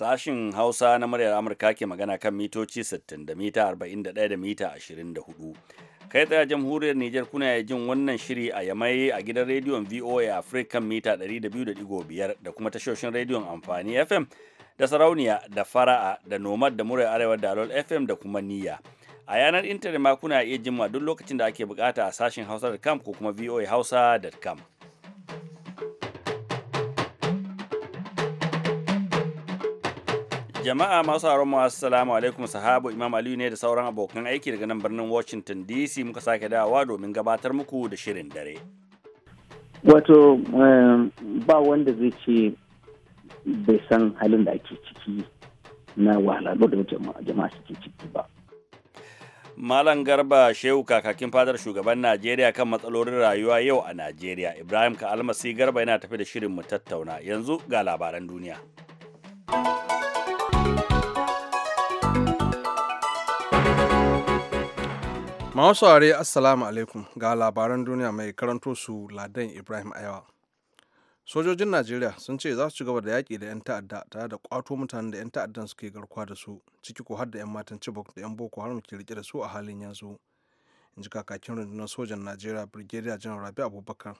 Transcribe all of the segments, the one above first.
Sashin Hausa na muryar Amurka ke magana kan mitoci 60 da mita 41 da mita 24. Kai tsaye jamhuriyar Nijar kuna jin wannan shiri a yamai a gidan rediyon VOA Africa kan mita 200.5 da kuma tashoshin rediyon amfani FM da sarauniya da fara'a da nomad da muryar arewa da alol FM da kuma niyya. A yanar intanet ma kuna iya jin duk lokacin da ake bukata a sashin hausa.com ko kuma voahausa.com. Jama'a masu mu assalamu alaikum sahabu Imam Aliyu ne da sauran abokan aiki daga nan birnin Washington DC muka sake dawowa domin gabatar muku da shirin dare. Wato eh, ba wanda zai ce bai san halin da ake ciki na wahalhalu da jama'a suke ciki ba. Malam Garba Shehu kakakin fadar shugaban Najeriya kan matsalolin rayuwa yau a Najeriya. Ibrahim Ka Almasi Garba yana tafi da shirin mu tattauna. Yanzu ga labaran duniya. Masu saurare Assalamu alaikum ga labaran duniya mai karanto su Ladan Ibrahim Ayawa. Sojojin Najeriya sun ce za su ci gaba da yaƙi da 'yan ta'adda tare da kwato mutane da 'yan ta'addan suke garkuwa da su ciki ko har da 'yan matan cibok da 'yan Boko har muke rike da su a halin yanzu. In ji kakakin rundunar sojan Najeriya Brigadier General Rabi Abubakar.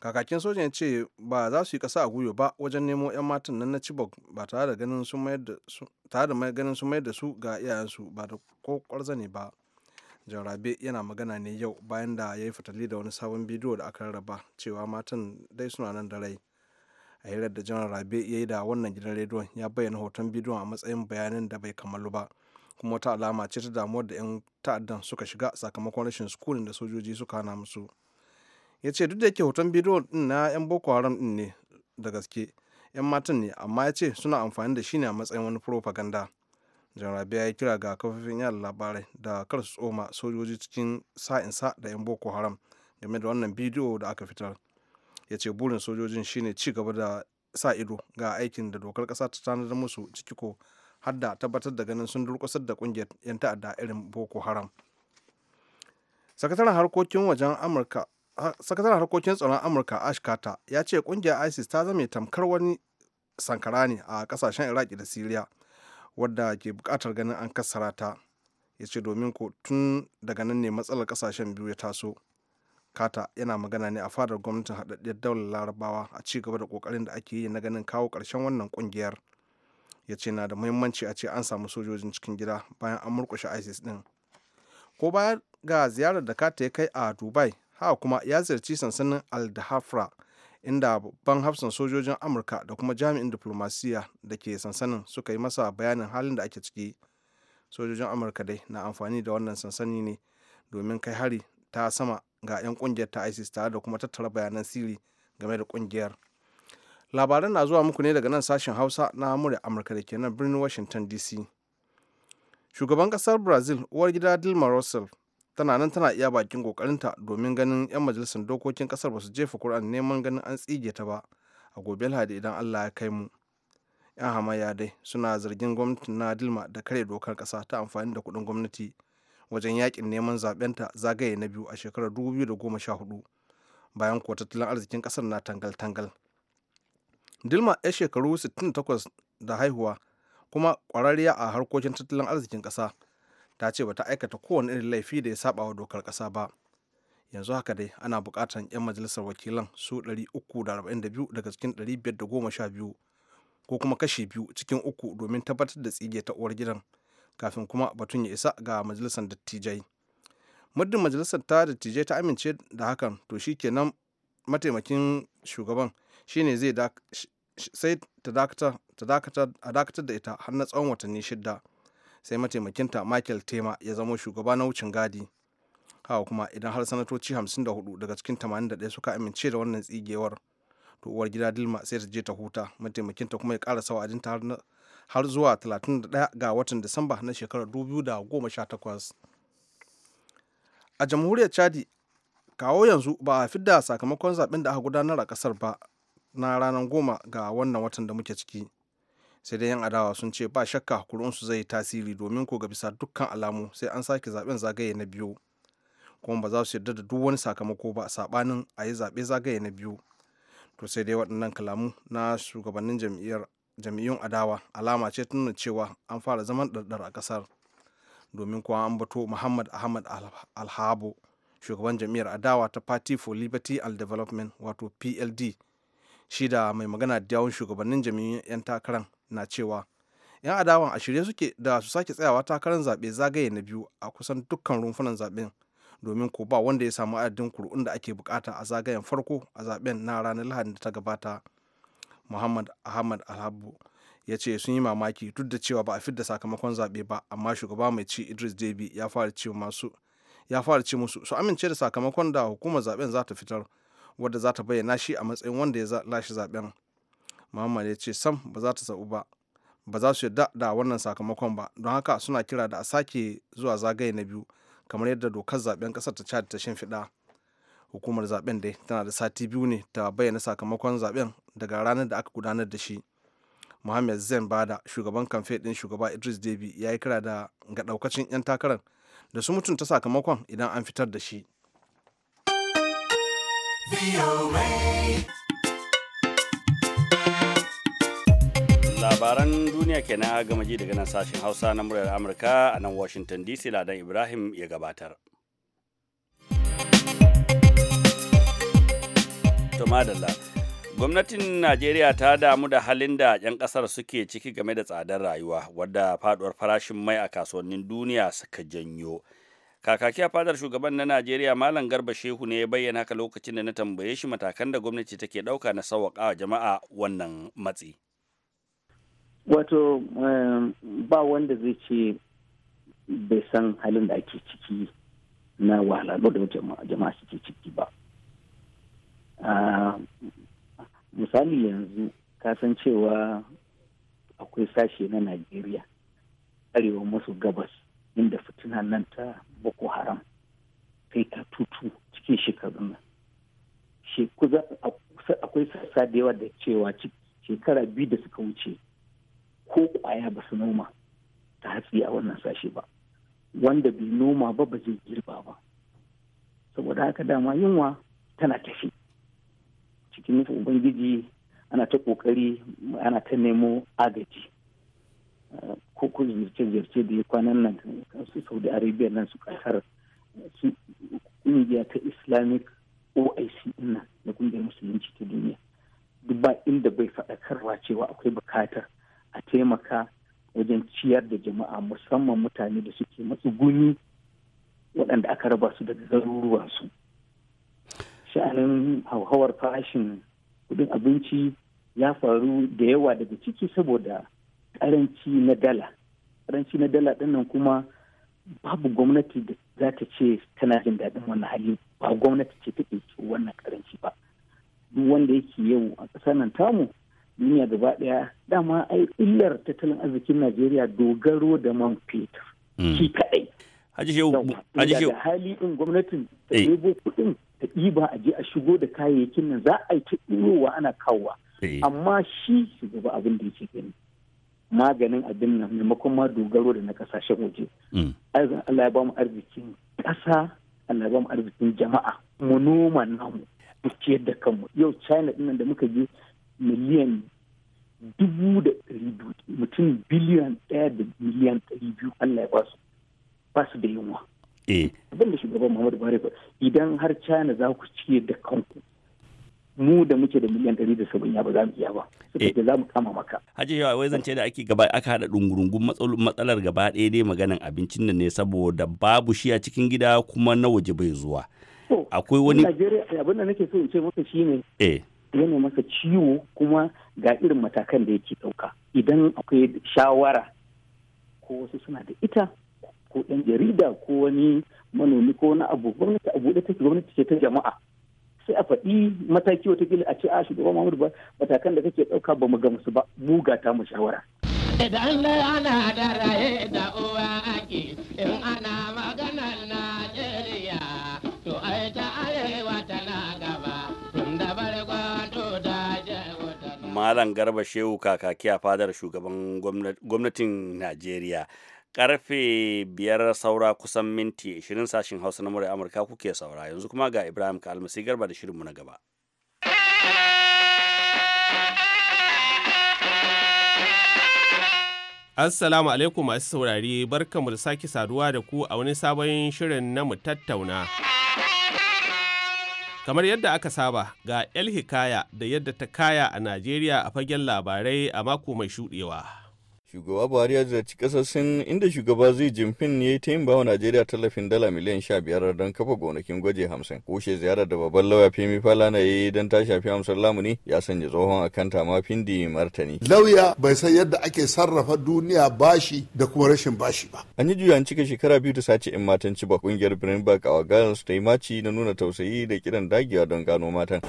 Kakakin sojan ya ce ba za su yi ƙasa a gwiwa ba wajen nemo 'yan matan nan na Chibok ba tare da ganin sun mayar da su ga iyayensu ba da ko ƙwarzane ba. jan yana magana ne yau bayan da ya yi fatali da wani sabon bidiyo da aka rarraba cewa matan dai suna nan da rai a hirar da jan rabe ya yi da wannan gidan rediyon ya bayyana hoton bidiyon a matsayin bayanin da bai kammalu ba kuma wata alama ce ta damuwar da 'yan ta'addan suka shiga sakamakon rashin sukulin da sojoji suka hana musu ya ce duk da yake hoton bidiyo din na 'yan boko haram din ne da gaske 'yan matan ne amma ya ce suna amfani da shi ne a matsayin wani propaganda Jarabaya ya kira ga kafafen yada labarai da kar su tsoma sojoji cikin sa'insa da 'yan Boko Haram game da wannan bidiyo da aka fitar. Ya ce burin sojojin shine ci gaba da sa ido ga aikin da dokar ƙasa ta tanar musu ciki ko har da tabbatar da ganin sun durkusar da ƙungiyar 'yan ta'adda irin Boko Haram. Sakataren harkokin wajen Amurka sakataren harkokin tsaron amurka ash carter ya ce kungiyar isis ta zame tamkar wani sankara ne a kasashen iraki da siriya wadda ke bukatar ganin an kassara ta ya ce domin ko tun daga nan ne matsalar kasashen biyu ya taso kata yana magana ne a fadar gwamnatin haɗaɗɗiyar daular larabawa a ci gaba da ƙoƙarin da ake yi na ganin kawo ƙarshen wannan ƙungiyar ya ce na da muhimmanci a ce an samu sojojin cikin gida bayan an murkushe isis ɗin ko baya ga ziyarar da kata ya kai a dubai haka kuma ya ziyarci sansanin al-dahafra inda babban hafsan sojojin amurka da kuma jami'in diplomasiya da ke sansanin suka yi masa bayanin halin da ake ciki sojojin amurka dai na amfani da wannan sansani ne domin kai hari ta sama ga 'yan kungiyar ta isis tare da kuma tattara bayanan sirri game da kungiyar labaran na zuwa muku ne daga nan sashen hausa na amurka amurka da ke nan birnin washington dc shugaban kasar brazil uwar gida dilma rousseff tana nan tana iya bakin kokarin ta domin ganin 'yan majalisar dokokin kasar ba su jefa kur'an neman ganin an tsige ta ba a gobe lahadi idan allah ya kai mu 'yan hamayya dai suna zargin gwamnatin na dilma da kare dokar kasa ta amfani da kuɗin gwamnati wajen yakin neman zaben ta zagaye na biyu a shekarar 2014 bayan kuwa tattalin arzikin kasar na tangal-tangal dilma ya shekaru 68 da haihuwa kuma kwararriya a harkokin tattalin arzikin kasa ta ce bata aikata kowane irin laifi da ya saba wa dokar ƙasa ba yanzu haka dai ana buƙatar 'yan majalisar wakilan su 342 daga cikin 512 ko kuma kashi biyu cikin uku domin tabbatar da tsige ta uwar gidan kafin kuma batun ya isa ga majalisar dattijai muddin majalisar ta dattijai ta amince da hakan to shi kenan mataimakin shugaban shine zai sai ta dakatar da ita har na tsawon watanni shidda sai mataimakinta michael tema ya zama shugaba na wucin gadi hawa kuma idan har sanatoci 54 daga cikin 81 suka amince da wannan tsigewar to uwar gida dilma sai ta je ta huta mataimakinta kuma ya karasa wa'adinta har zuwa 31 ga watan disamba na shekarar 2018 a jamhuriyar chadi kawo yanzu ba a fidda sakamakon zaben da aka gudanar a kasar ba na ranar goma ga wannan watan da muke ciki sai dai yan adawa sun ce ba shakka kuri'unsu zai yi tasiri domin ko ga bisa dukkan alamu sai an sake zaben zagaye na biyu kuma ba za su yarda da duk wani sakamako ba sabanin a yi zaɓe zagaye na biyu to sai dai waɗannan kalamu na shugabannin jam'iyyar jam'iyyun adawa alama ce tun cewa an fara zaman ɗarɗar a ƙasar domin kuwa an bato muhammad ahmad alhabo shugaban jam'iyyar adawa ta party for liberty and development wato pld shi da mai magana da yawon shugabannin jam'iyyun 'yan takarar na cewa 'yan adawan a shirye suke da su sake tsayawa takarar zaɓe zagaye na biyu a kusan dukkan rumfunan zaɓen domin ko ba wanda ya samu adadin kuru'un da ake bukata a zagayen farko a zaɓen na ranar lahadi da ta gabata muhammad ahmad alhabu ya ce sun yi mamaki duk da cewa ba a fidda sakamakon zaɓe ba amma shugaba mai ci idris debi ya fara ce masu ya fara ce musu su amince da sakamakon da hukumar zaɓen za ta fitar wadda za ta bayyana shi a matsayin wanda ya lashe zaɓen muhammad ya ce sam ba za ta sabu ba ba za su yarda da wannan sakamakon ba don haka suna kira da a sake zuwa zagaye na biyu kamar yadda dokar zaben kasar ta chad ta shimfiɗa hukumar zaben dai tana da sati biyu ne ta bayyana sakamakon zaben daga ranar da aka gudanar da shi muhammad zain bada shugaban kamfe din shugaba idris debi ya yi kira da ga ɗaukacin 'yan takarar da su mutunta sakamakon idan an fitar da shi labaran duniya kenan gama ji daga nan sashen hausa na muryar amurka a nan washington dc ladan ibrahim ya gabatar gwamnatin najeriya ta damu da halin da 'yan kasar suke ciki game da tsadar rayuwa wadda faduwar farashin mai a kasuwannin duniya suka janyo kakaki a fadar shugaban na najeriya malam garba shehu ne ya bayyana haka lokacin da na tambaye shi matakan da gwamnati take dauka na sauwaƙa jama'a wannan matsi wato um, ba wanda zai ce bai san halin da ake ciki na wahala da jama'a suke ciki ba ah, misali yanzu kasan cewa akwai sashe na najeriya arewa maso gabas inda fitina nan ta boko haram kai ta tutu cikin shekaru nan akwai sassa da yawa da cewa shekara biyu da suka wuce ko kwaya ba su noma ta hatsi a wannan sashe ba wanda bai noma ba ba zai girba ba saboda haka dama yunwa tana tafi cikin nufin ubangiji ana ta kokari ana ta nemo agaji ko kuma zirce-zirce da ya kwanan nan su saudi arabia nan su kasar su kungiya ta islamic oic na da kungiyar musulunci ta duniya duk ba inda bai faɗakarwa cewa akwai bukatar a taimaka wajen ciyar da jama'a musamman mutane da suke matsuguni waɗanda aka raba su daga garuruwansu sha'anin hauhawar fashin kudin abinci ya faru da yawa daga ciki saboda karanci na dala karanci na dala ɗinnan kuma babu gwamnati da za ta ce tana jin daɗin wannan hali ba gwamnati ce take wannan karanci ba duk wanda yake yau a ƙasar nan tamu duniya gaba daya dama ai illar tattalin arzikin najeriya dogaro da man fetur hmm. shi kadai Haji Shehu. hali in gwamnatin ta eh. ɗebo kuɗin ta ɗiba a je a shigo da kayayyakin nan za a yi ta ɗirowa ana kawowa. Eh. Amma shi su gaba abin da yake gani. Maganin abin nan maimakon ma dogaro da na kasashen waje. Hmm. Allah ya ba mu arzikin ƙasa, Allah ya ba mu arzikin jama'a. Mu noma namu, mu ciyar da kanmu. Yau China ɗin da muka je miliyan dubu da ɗari biyu mutum biliyan ɗaya da miliyan ɗari biyu Allah ya basu basu da yunwa. Eh. Abin da shugaban Muhammadu Buhari ba idan har China za ku ciye da kanku mu da muke da miliyan ɗari da saba'in ya ba za mu iya ba. Eh. za mu kama maka. Haji yawa wai zance da ake gaba aka haɗa ɗungurungun matsalar gaba ɗaya dai maganan abincin da ne saboda babu shi a cikin gida kuma na waje bai zuwa. Akwai wani. Najeriya abin da nake so in ce maka shi ne. Eh. yana masa ciwo kuma ga irin matakan da yake ɗauka idan akwai shawara ko wasu suna da ita ko ɗan jarida ko wani manomi ko wani abu gwamnati a buɗe take gwamnati ce ta jama'a sai a faɗi mataki gila a ce a shugaban Mahmud ba matakan da kake ɗauka ba mu ga gamsu ba buga ta mu shawara. Idan ana da raye da uwa ake in ana magana Malam Garba Shehu kakaki a fadar shugaban gwamnatin Najeriya. Karfe biyar saura kusan minti 20 sashen Hausa na murar Amurka kuke saura yanzu kuma ga Ibrahim Kalmasi Garba da shirinmu na gaba. Assalamu alaikum masu saurari barkamu da sake saduwa da ku a wani sabon shirin na mu tattauna. Kamar yadda aka saba ga El Hikaya da yadda ta kaya a Najeriya a fagen labarai a mako mai shuɗewa. Shugaba Buhari ya ziyarci ƙasar Sin inda shugaba zai jinfin ya yi ta yin bawa Najeriya tallafin dala miliyan sha biyar don kafa gonakin gwaje hamsin. Kushe ziyarar da babban lauya Femi Falana ya yi don ta shafi hamsin lamuni ya sanya tsohon akanta ma Findi martani. Lauya bai san yadda ake sarrafa duniya bashi da kuma rashin bashi ba. An yi juyan cika shekara biyu da sace 'yan matan ci ba kungiyar Birnin a Girls ta yi maci na nuna tausayi da kiran dagewa don gano matan.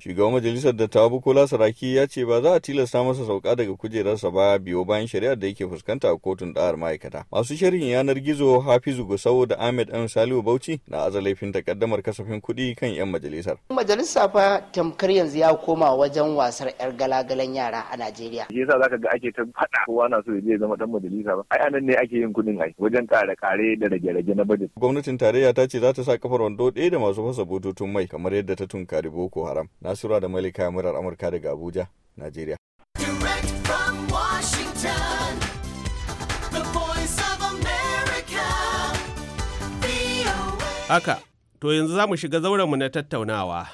Shugaban majalisar dattawa Bukola Saraki ya ce ba za a tilasta masa sauka sauka daga kujerarsa ba biyo bayan shari'ar da yake fuskanta a kotun ɗa'ar ma'aikata. Masu shirin yanar gizo Hafizu Gusau da Ahmed M Salihu Bauchi na aza laifin takaddamar kasafin kuɗi kan 'yan majalisar. Majalisa fa tamkar yanzu ya koma wajen wasar 'yar galagalan yara a Najeriya. Shi yasa zaka ga ake ta faɗa kowa na so ya zama dan majalisa ba. Ai anan ne ake yin kuɗin ai wajen kare-kare da rage-rage na bajet. Gwamnatin tarayya ta ce za ta sa kafar wando ɗaya da masu fasa bututun mai kamar yadda ta tunkari Boko Haram. Nasura da Malika Murar Amurka daga Abuja, Najeriya. Haka, to yanzu za mu shiga zaurenmu na tattaunawa.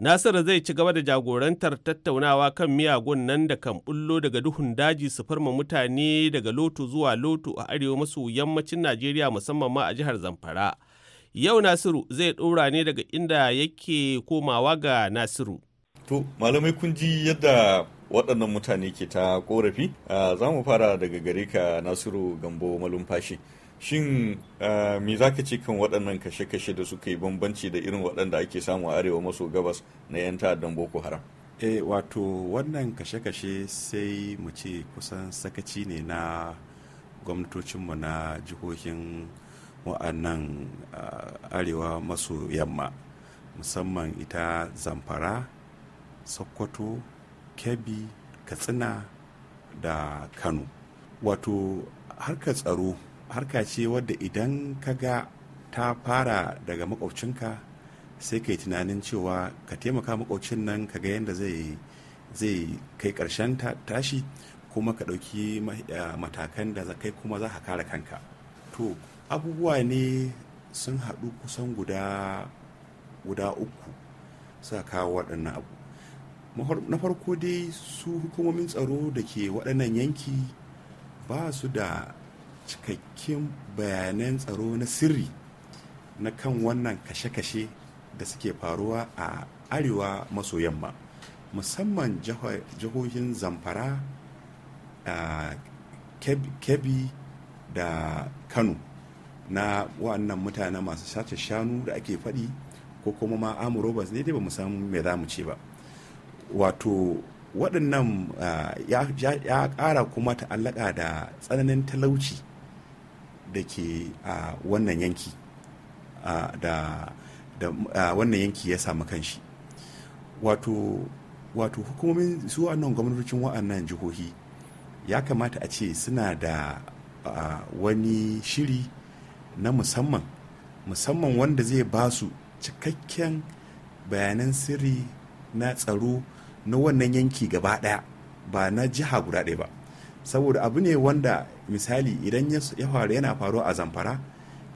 Nasiru zai ci gaba da jagorantar tattaunawa kan miyagun nan da kan bullo daga duhun daji su farma mutane daga loto zuwa loto a arewa maso yammacin Najeriya musamman ma a jihar Zamfara. Yau Nasiru zai ɗora ne daga inda yake komawa ga Nasiru. To, malamai kun ji yadda waɗannan mutane ke ta ƙorafi, ah, za mu fara daga gare ka Nasiru Gambo Malumfashi. shin eh, me za ka ce kan waɗannan kashe-kashe da suka yi bambanci da irin waɗanda ake samu a arewa maso gabas na 'yan ta'addan boko haram e wato wannan kashe-kashe sai mu ce kusan sakaci ne na gwamnatocinmu na jihohin wa'annan eh, arewa maso yamma musamman ita zamfara sokoto kebbi katsina da kano wato harkar tsaro harka ce wadda idan ka ga ta fara daga makwabcinka sai ka yi tunanin cewa ka taimaka makwabcin nan ka ga yadda zai zai kai karshen tashi kuma ka ɗauki eh, matakan da kai kuma za ka kare kanka to abubuwa ne sun haɗu kusan guda guda uku suka kawo waɗannan abu na farko dai su hukumomin tsaro da ke waɗannan yanki ba su da cikakken bayanan tsaro na sirri na kan wannan kashe-kashe da suke faruwa a arewa maso yamma musamman jihohin zamfara a kebbi da kano na wannan mutane masu sace shanu da ake faɗi ko kuma ma amurobas ne dai ba mu san me za mu ce ba wato waɗannan ya ƙara kuma ta'allaka da tsananin talauci da ke a wannan yanki da wannan yanki ya samu kanshi wato wato hukumomin su wannan gwamnatocin wa'annan jihohi ya kamata a ce suna da wani shiri na musamman musamman wanda zai ba su cikakken bayanan sirri na tsaro na wannan yanki gaba daya ba na jiha guda ɗaya ba saboda abu ne wanda misali idan ya faru yana faruwa a zamfara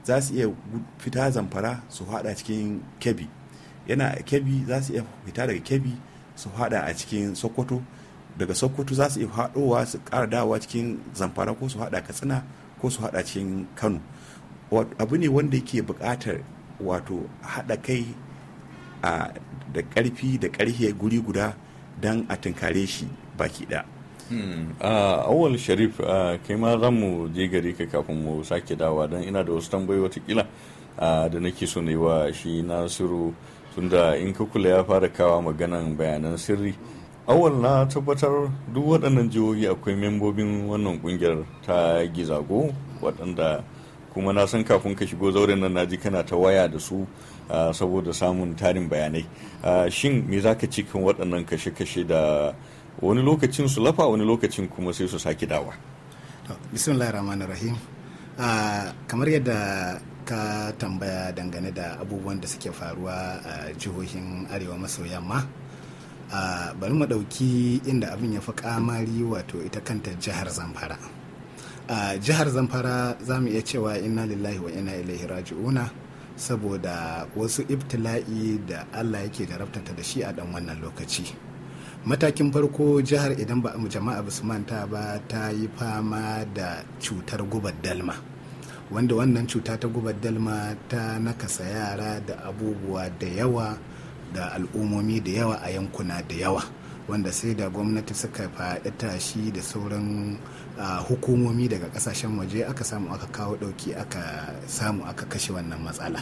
za su iya fita zamfara su hada cikin kebi yana kebi za su iya fita daga kebi su hada a cikin sokoto daga sokoto za su iya hadowa su kara dawa cikin zamfara ko su hada katsina ko su hada cikin kano abu ne wanda yake buƙatar wato hada kai da ƙarfi da karfe guri guda don a tunkare shi baki ɗaya Hmm. awal ah, sharif ah, kai ma za mu je gari ka kafin mu sake dawa don ina da wasu tambayi watakila ah, da nake so yi wa shi nasiru tunda in ka kula ya fara kawa maganan bayanan sirri awal na tabbatar duk waɗannan jihohi akwai membobin wannan kungiyar ta gizago waɗanda kuma na san kafin ka shigo zauren nan ji kana ta waya da su saboda samun tarin bayanai shin me za ka kan waɗannan kashe-kashe da wani lokacin su lafa wani lokacin kuma sai su sake dawa rahim ah, kamar yadda ka tambaya dangane da abubuwan da suke faruwa a jihohin arewa maso yamma ah, bari mu ɗauki inda abin ya fi kamari wato ita kanta jihar zamfara ah, jihar zamfara za mu iya cewa inna lillahi wa inna ilaihi raji'una saboda wasu ibtila'i da allah yake jarabtata da shi a dan wannan lokaci matakin farko jihar idan ba jama'a ba su manta ba ta yi fama da cutar gubar dalma wanda wannan cuta ta gubar dalma ta nakasa yara da abubuwa da yawa da al'ummomi da yawa a yankuna da yawa wanda sai da gwamnati suka faɗi tashi da sauran hukumomi daga kasashen waje aka samu aka kawo ɗauki aka samu aka kashe wannan matsala.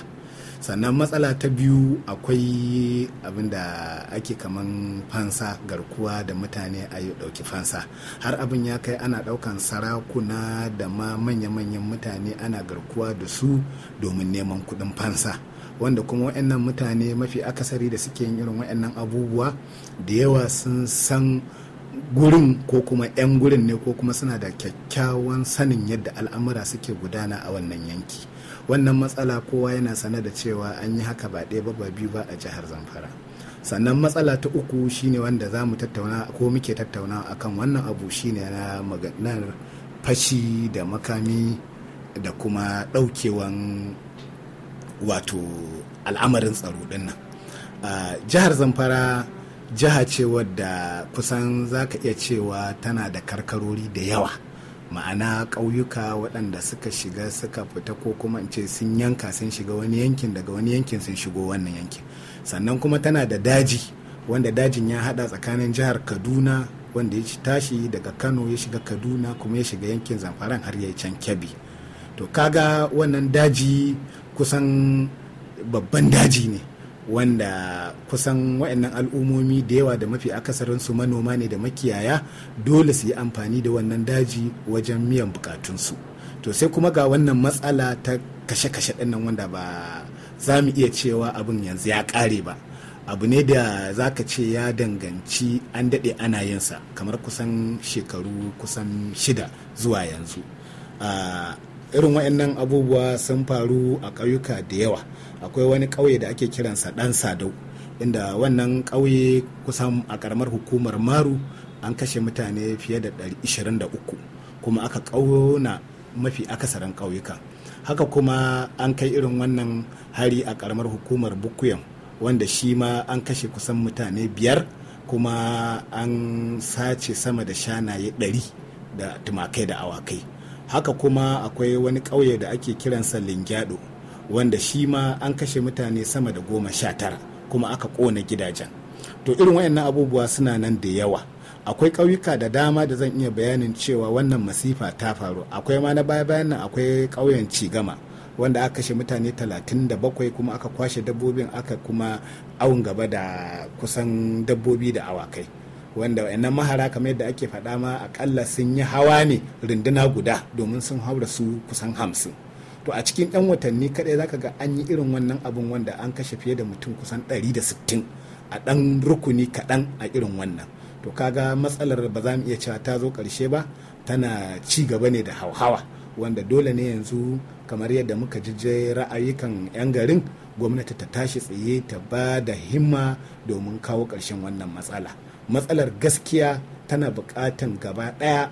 sannan matsala ta biyu akwai abin da ake kaman fansa garkuwa da mutane a yi ɗauki fansa har abin ya kai ana ɗaukan sarakuna da ma manya-manyan mutane ana garkuwa da su domin neman kuɗin fansa wanda kuma wa'annan mutane mafi akasari da suke yin irin wa'annan abubuwa da yawa sun san gurin ko kuma 'yan gurin ne ko kuma suna da kyakkyawan sanin yadda al'amura suke gudana a wannan yanki wannan matsala kowa yana sane da cewa an yi haka ba ɗaya ba biyu ba a jihar zamfara sannan matsala ta uku shine wanda za mu tattauna ko muke tattauna akan wannan abu shine na maganar fashi da makami da kuma ɗaukewan wato al'amarin tsaro ɗin nan jihar zamfara jiha ce wadda kusan za ka iya cewa tana da karkarori da yawa ma'ana ƙauyuka waɗanda suka shiga suka fita ko kuma in ce sun yanka sun shiga wani yankin daga wani yankin sun shigo wannan yankin sannan kuma tana da daji wanda dajin ya hada tsakanin jihar kaduna wanda ya tashi daga kano ya shiga kaduna kuma ya shiga yankin zamfara har ya can kyabi to kaga wannan daji kusan babban daji ne wanda kusan wa'annan al'ummomi da yawa da mafi akasarinsu manoma ne da makiyaya dole su yi amfani da wannan daji wajen miyan bukatunsu to sai kuma ga wannan matsala ta kashe-kashe dinnan wanda ba za mu iya cewa abin yanzu ya ƙare ba abu ne da za ka ce ya danganci an daɗe ana yinsa kamar kusan shekaru kusan shida zuwa yanzu uh, irin waɗannan abubuwa sun faru a ƙauyuka da yawa akwai wani ƙauye da ake kiransa ɗan sadau inda wannan ƙauye kusan a ƙaramar hukumar maru an kashe mutane fiye da 23 kuma aka ƙauna mafi akasarin ƙauyuka haka kuma an kai irin wannan hari a ƙaramar hukumar bukuyan wanda shi ma an kashe kusan mutane biyar kuma an sace sama da shanaye ɗari da tumakai da awakai haka kuma akwai wani ƙauye da ake kiransa lingyado wanda shi ma an kashe mutane sama da goma sha tara kuma aka ƙona gidajen to irin wayannan abubuwa suna nan da yawa akwai ƙauyuka da dama da zan iya bayanin cewa wannan masifa ta faru akwai ma na baya bayan nan akwai ƙauyen cigama wanda aka kashe mutane 37 kuma aka kwashe dabbobin aka kuma awon gaba da kusan dabbobi da awakai wanda wayannan mahara kamar yadda ake faɗa ma akalla sun yi hawa ne runduna guda domin sun haura su kusan hamsin to a cikin 'yan watanni kaɗai zaka ga an yi irin wannan abun wanda an kashe fiye da mutum kusan 160 a ɗan rukuni kaɗan a irin wannan to kaga matsalar ba za mu iya cewa ta zo ƙarshe ba tana ci gaba ne da hauhawa wanda dole ne yanzu kamar yadda muka jije ra'ayikan 'yan garin gwamnati ta tashi tsaye ta ba da himma domin kawo ƙarshen wannan matsala matsalar gaskiya tana bukatan gaba ɗaya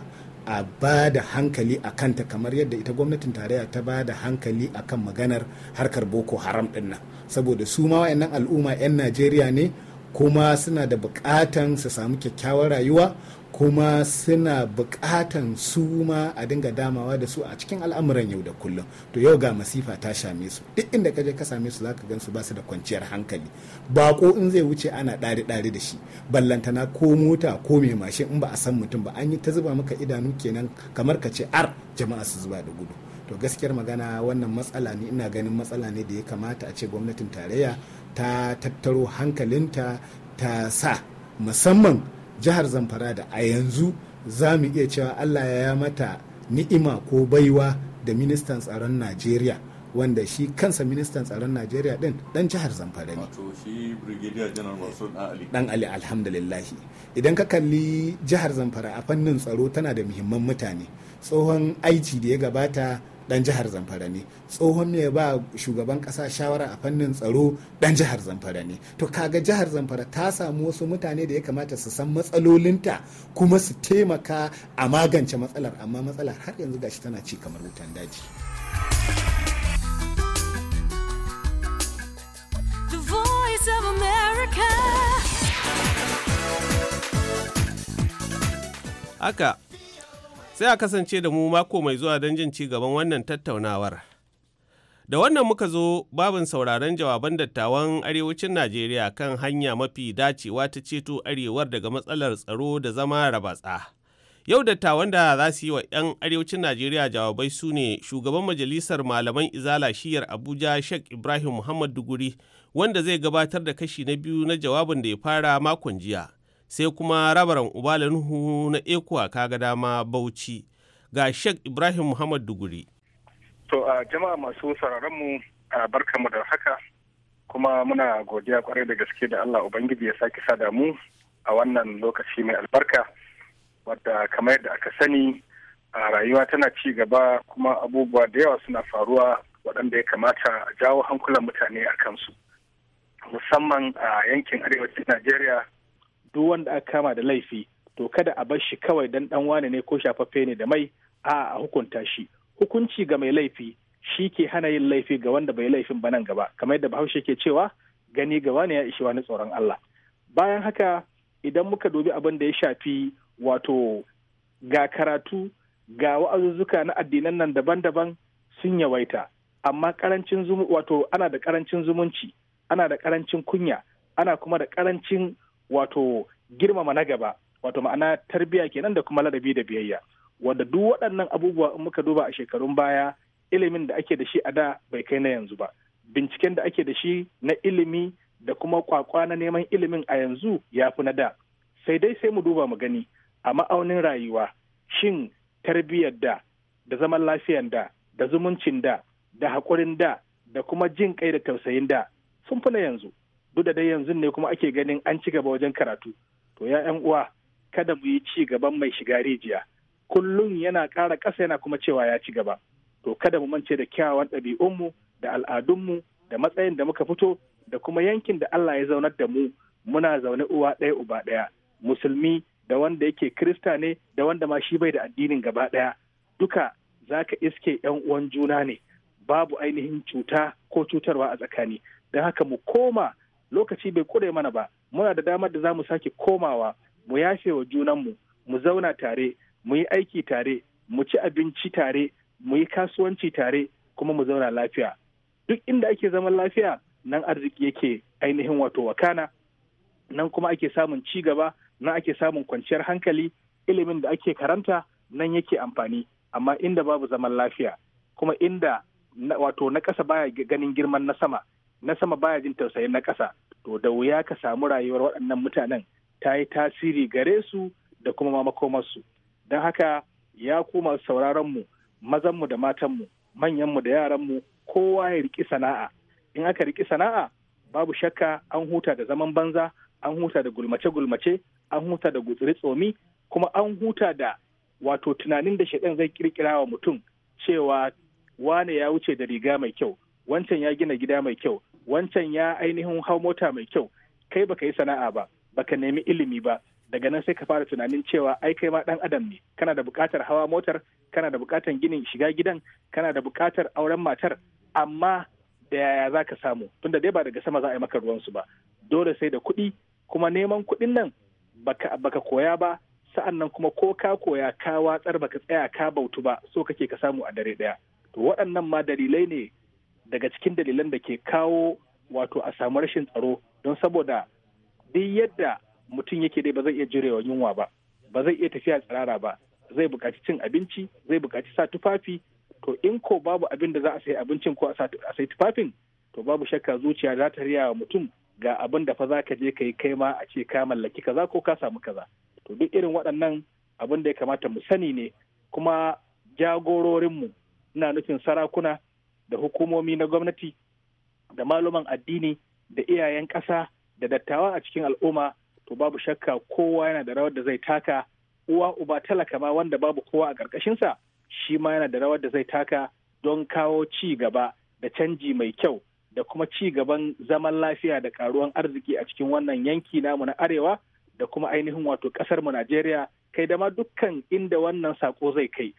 a ba da hankali a kanta kamar yadda ita gwamnatin tarayya ta ba da hankali a kan maganar harkar boko haram dinnan saboda su ma wayannan al'umma 'yan najeriya ne kuma suna da bukatan su samu kyakkyawar rayuwa kuma suna bukatan su ma a dinga damawa da su a cikin al'amuran yau da kullum to yau ga masifa ta same su duk inda ka je ka same su zaka gan su ba su da kwanciyar hankali bako in zai wuce ana ɗari ɗari da shi ballantana ko mota ko mai mashin in ba a san mutum ba an yi ta zuba maka idanu kenan kamar ka ce ar jama'a su zuba da gudu to gaskiyar magana wannan matsala ne ina ganin matsala ne da ya kamata a ce gwamnatin tarayya ta tattaro hankalinta ta sa musamman jihar zamfara da a yanzu za mu iya cewa allah ya mata ni'ima ko baiwa da ministan tsaron najeriya wanda shi kansa ministan tsaron najeriya din dan jihar zamfara ne dan ali alhamdulillahi idan ka kalli jihar zamfara a fannin tsaro tana da muhimman mutane tsohon aiki da ya gabata dan jihar zamfara ne tsohon mai ba shugaban kasa shawara a fannin tsaro dan jihar zamfara ne to kaga jihar zamfara ta samu wasu mutane da ya kamata su san matsalolinta kuma su taimaka a magance matsalar amma matsalar har yanzu gashi tana ci kamar wutan daji Haka sai a kasance da mu mako mai zuwa don jin ci gaban wannan tattaunawar. Da wannan muka zo babin sauraron jawaban dattawan arewacin Najeriya kan hanya mafi dacewa ta ceto arewar daga matsalar tsaro da zama rabatsa. Yau dattawan da za su yi wa 'yan arewacin Najeriya jawabai su ne shugaban majalisar malaman izala shiyar Abuja Sheikh Ibrahim Muhammad Duguri wanda zai gabatar da kashi na biyu na jawabin da ya fara makon jiya. sai kuma rabaran ubala nuhu na ekuwa kaga dama bauchi ga shek ibrahim muhammad duguri to a jama'a masu sararin mu mu da haka kuma muna godiya kwarai da gaske da allah ubangiji ya sake sada mu a wannan lokaci mai albarka wadda kamar yadda aka sani a rayuwa tana ci gaba kuma abubuwa da yawa suna faruwa waɗanda ya kamata a jawo hankulan mutane a kansu musamman a yankin arewacin najeriya duk wanda aka kama da laifi to kada a bar shi kawai dan dan wane ne ko shafaffe ne da mai a a hukunta shi hukunci ga mai laifi shi ke hana yin laifi ga wanda bai laifin ba nan gaba kamar yadda bahaushe ke cewa gani ga wani ya ishi wani tsoron Allah bayan haka idan muka dubi abin da ya shafi wato ga karatu ga wa'azuzzuka na addinan nan daban-daban sun yawaita amma karancin wato ana da karancin zumunci ana da karancin kunya ana kuma da karancin wato girmama na gaba wato ma'ana tarbiyya kenan da kuma ladabi da biyayya wanda duk waɗannan abubuwa in muka duba a shekarun baya ilimin da ake da shi a da bai kai na yanzu ba binciken da ake da shi na ilimi da kuma kwakwa na neman ilimin a yanzu ya fi na da sai dai sai mu duba mu gani a ma'aunin rayuwa shin tarbiyyar da da zaman lafiyar da da zumuncin da da haƙurin da da kuma jin kai da tausayin da sun fi na yanzu duk da dai yanzu ne kuma ake ganin an ci gaba wajen karatu to ya yan uwa kada mu yi ci gaban mai shiga rijiya kullum yana ƙara ƙasa yana kuma cewa ya ci gaba to kada mu mance da kyawawan ɗabi'unmu da al'adunmu da matsayin da muka fito da kuma yankin da Allah ya zaunar da mu muna zaune uwa ɗaya uba ɗaya musulmi da wanda yake krista ne da wanda ma shi bai da addinin gaba ɗaya duka za ka iske yan uwan juna ne babu ainihin cuta ko cutarwa a tsakani don haka mu koma lokaci bai kure mana ba muna da damar da za mu sake komawa mu yafe wa junanmu mu zauna tare mu yi aiki tare mu ci abinci tare mu yi kasuwanci tare kuma mu zauna lafiya duk inda ake zaman lafiya nan arziki yake ainihin wato wakana nan kuma ake samun ci gaba nan ake samun kwanciyar hankali ilimin da ake karanta nan yake amfani amma inda babu zaman lafiya kuma inda wato na ƙasa baya ganin girman na sama na sama baya jin tausayin na ƙasa to da wuya ka samu rayuwar waɗannan mutanen ta yi tasiri gare su da kuma makomarsu don haka ya kuma sauraronmu mazanmu da matanmu manyanmu da yaranmu kowa ya riƙi sana'a in aka riƙi sana'a babu shakka an huta da zaman banza an huta da gulmace-gulmace an huta da gutsiri tsomi kuma an huta da wato tunanin da shaɗan zai kirkira wa mutum cewa wane ya wuce da riga mai kyau wancan ya gina gida mai kyau wancan ya ainihin hau mota mai kyau kai baka yi sana'a ba baka nemi ilimi ba daga nan sai ka fara tunanin cewa ai kai ma dan adam ne kana da bukatar hawa motar kana da bukatar ginin shiga gidan kana da bukatar auren matar amma da yaya za ka samu tunda dai ba daga sama za a yi maka ruwansu ba dole sai da kuɗi kuma neman kuɗin nan baka, baka koya ba sa'an nan kuma ko ka koya ka watsar baka tsaya ka bautu ba so kake ka samu a dare ɗaya to waɗannan ma dalilai ne daga cikin dalilan da ke kawo wato a samu rashin tsaro don saboda duk yadda mutum yake dai ba zai iya jirewa yunwa ba ba zai iya tafiya tsirara ba zai bukaci cin abinci zai bukaci sa tufafi to in ko babu abin da za a sayi abincin ko a sayi tufafin to babu shakka zuciya za ta riya wa mutum ga abin da fa za ka je ka yi kai ma a ce ka mallaki kaza ko ka samu kaza to duk irin waɗannan abin da ya kamata mu sani ne kuma jagororinmu ina nufin sarakuna da hukumomi na gwamnati da maluman addini da iyayen ƙasa da dattawa a cikin al'umma to babu shakka kowa yana da rawar da zai taka uwa uba talaka ma wanda babu kowa a ƙarƙashinsa shi ma yana da rawar da zai taka don kawo ci gaba da canji mai kyau da kuma ci gaban zaman lafiya da karuwan arziki a cikin wannan yanki namu na arewa da kuma ainihin wato ƙasar mu Najeriya kai da ma dukkan inda wannan sako zai kai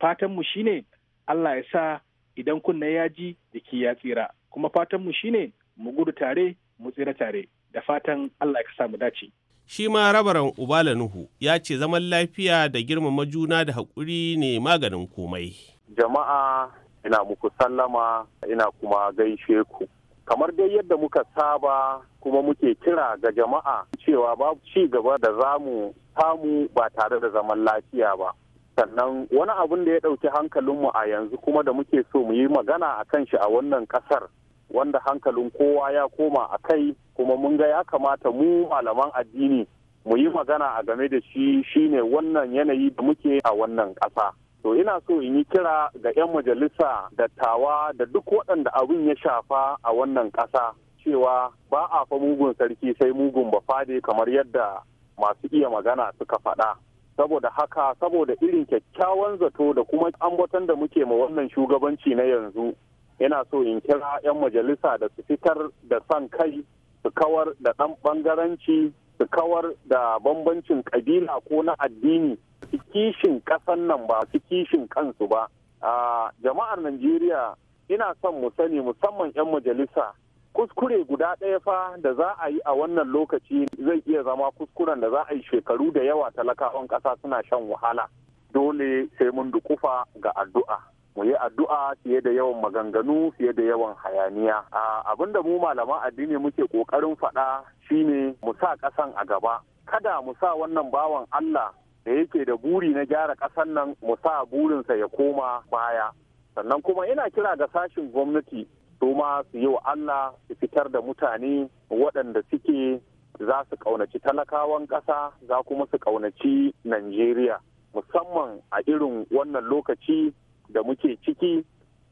fatanmu shine Allah ya sa idan kunne ya ji jiki ya tsira kuma fatanmu shine mu gudu tare mu tsira tare da fatan Allah ya sa dace shi ma rabaran ubala nuhu ya ce zaman lafiya da girmama juna da haƙuri ne maganin komai jama'a ina muku sallama ina kuma gaishe ku kamar dai yadda muka saba kuma muke kira ga jama'a cewa babu ci gaba da zamu samu ba tare da zaman lafiya ba sannan wani abin da ya ɗauki hankalinmu a yanzu kuma da muke so mu yi magana a kan shi a wannan ƙasar wanda hankalin kowa ya koma a kai kuma mun ga ya kamata mu malaman addini mu yi magana a game da shi shine wannan yanayi da muke a wannan ƙasa. To ina so in yi kira ga 'yan majalisa dattawa da duk waɗanda abin ya shafa a wannan ƙasa cewa ba a fa mugun sarki sai mugun ba bafade kamar yadda masu iya magana suka faɗa. saboda haka saboda irin kyakkyawan zato da kuma ambaton da muke ma wannan shugabanci na yanzu yana so in kira 'yan majalisa da su fitar da san kai su kawar da ɗan ɓangaranci su kawar da bambancin kabila ko na addini su kishin ƙasan nan ba su kishin kansu ba a ah, jama'ar najeriya ina son mu sani musamman 'yan majalisa kuskure guda ɗaya fa da za a yi a wannan lokaci zai iya zama kuskuren da za a yi shekaru da yawa talakawan ƙasa suna shan wahala dole sai mun dukufa ga addu'a mu yi addu'a fiye da yawan maganganu fiye da yawan hayaniya abin da mu malaman addini muke ƙoƙarin faɗa shine mu sa ƙasan a gaba kada mu sa wannan bawan Allah da yake da buri na gyara ƙasan nan mu sa burinsa ya koma baya sannan kuma ina kira ga sashin gwamnati su ma su yi wa Allah su fitar da mutane waɗanda suke za su ƙaunaci talakawan ƙasa za kuma su ƙaunaci Najeriya musamman a irin wannan lokaci da muke ciki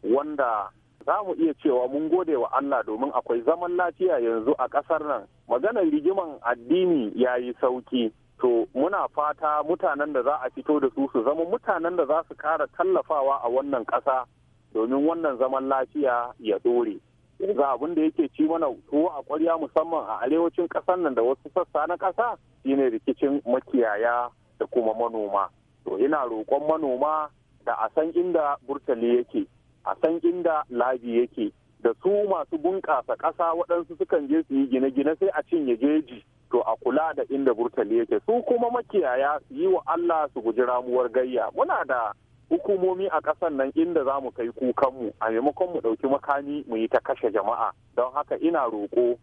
wanda za mu iya cewa mun gode wa Allah domin akwai zaman lafiya yanzu a ƙasar nan maganar rigiman addini ya yi sauki to muna fata mutanen da za a fito da su su zama mutanen da za su kara tallafawa a wannan ƙasa domin wannan zaman lafiya ya dore yanzu abin da yake ci mana tuwo a kwarya musamman a arewacin ƙasar nan da wasu sassa na ƙasa shine rikicin makiyaya da kuma manoma to ina roƙon manoma da a san inda burtali yake a san inda labi yake da su masu bunƙasa ƙasa waɗansu sukan je su yi gine-gine sai a cinye jeji to a kula da inda burtali yake su kuma makiyaya su yi wa Allah su guji ramuwar gayya muna da hukumomi a ƙasan nan inda za mu kai kukanmu a maimakon mu ɗauki makami mu yi ta kashe jama'a don haka ina roƙo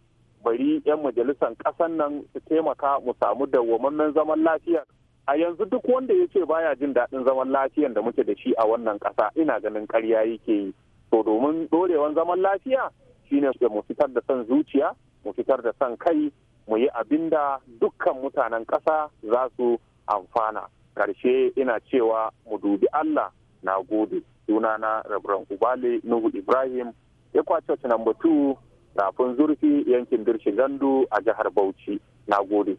bari 'yan majalisan ƙasan nan su taimaka mu samu dawwamannan zaman lafiya a yanzu duk wanda ya ce baya jin daɗin zaman lafiyan da muke da shi a wannan ƙasa ina ganin ƙarya yake yi to domin ɗorewan zaman lafiya shine mu fitar da son zuciya mu fitar da son kai mu yi abin da dukkan mutanen ƙasa za su amfana karshe ina cewa mu dubi allah na gode Suna na rabran ubale nuhu ibrahim ya kwace number two rafin zurfi yankin dirshi gandu a jihar bauchi na gode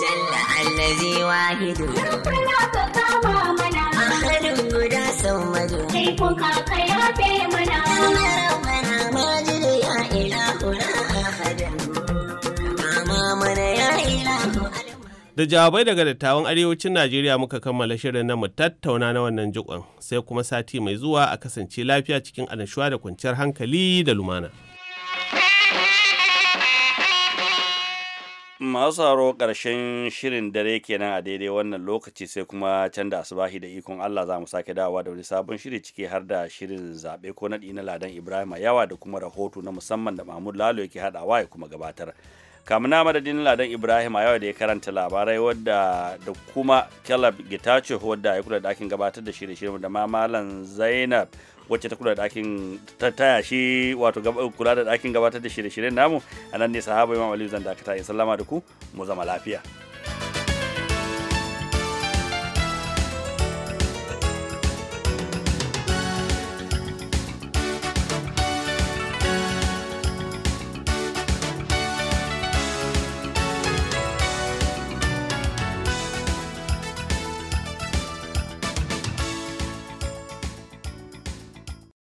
jalla mana guda mana Da jawabai daga dattawan arewacin Najeriya muka kammala shirin na mu tattauna na wannan jikon sai kuma sati mai zuwa a kasance lafiya cikin annashuwa da kwanciyar hankali da lumana. Masu haro ƙarshen shirin dare kenan a daidai wannan lokaci sai kuma can da asubahi da ikon Allah za mu sake dawowa da wani sabon shiri ciki har da shirin zaɓe ko naɗi na Ladan Ibrahim Yawa da kuma rahoto na musamman da Mahmud Lalo yake haɗawa ya kuma gabatar. kamuna madadin ladan ibrahim a yau da ya karanta labarai wadda da kuma caleb Gitacho wadda ya kula da ɗakin gabatar da shirye-shirye da ma malam zainab wacce ta kula da ɗakin ta taya shi wato kula da ɗakin gabatar da shirye shirye namu a nan ne sahaba imam aliyu zan dakata ya sallama da ku mu zama lafiya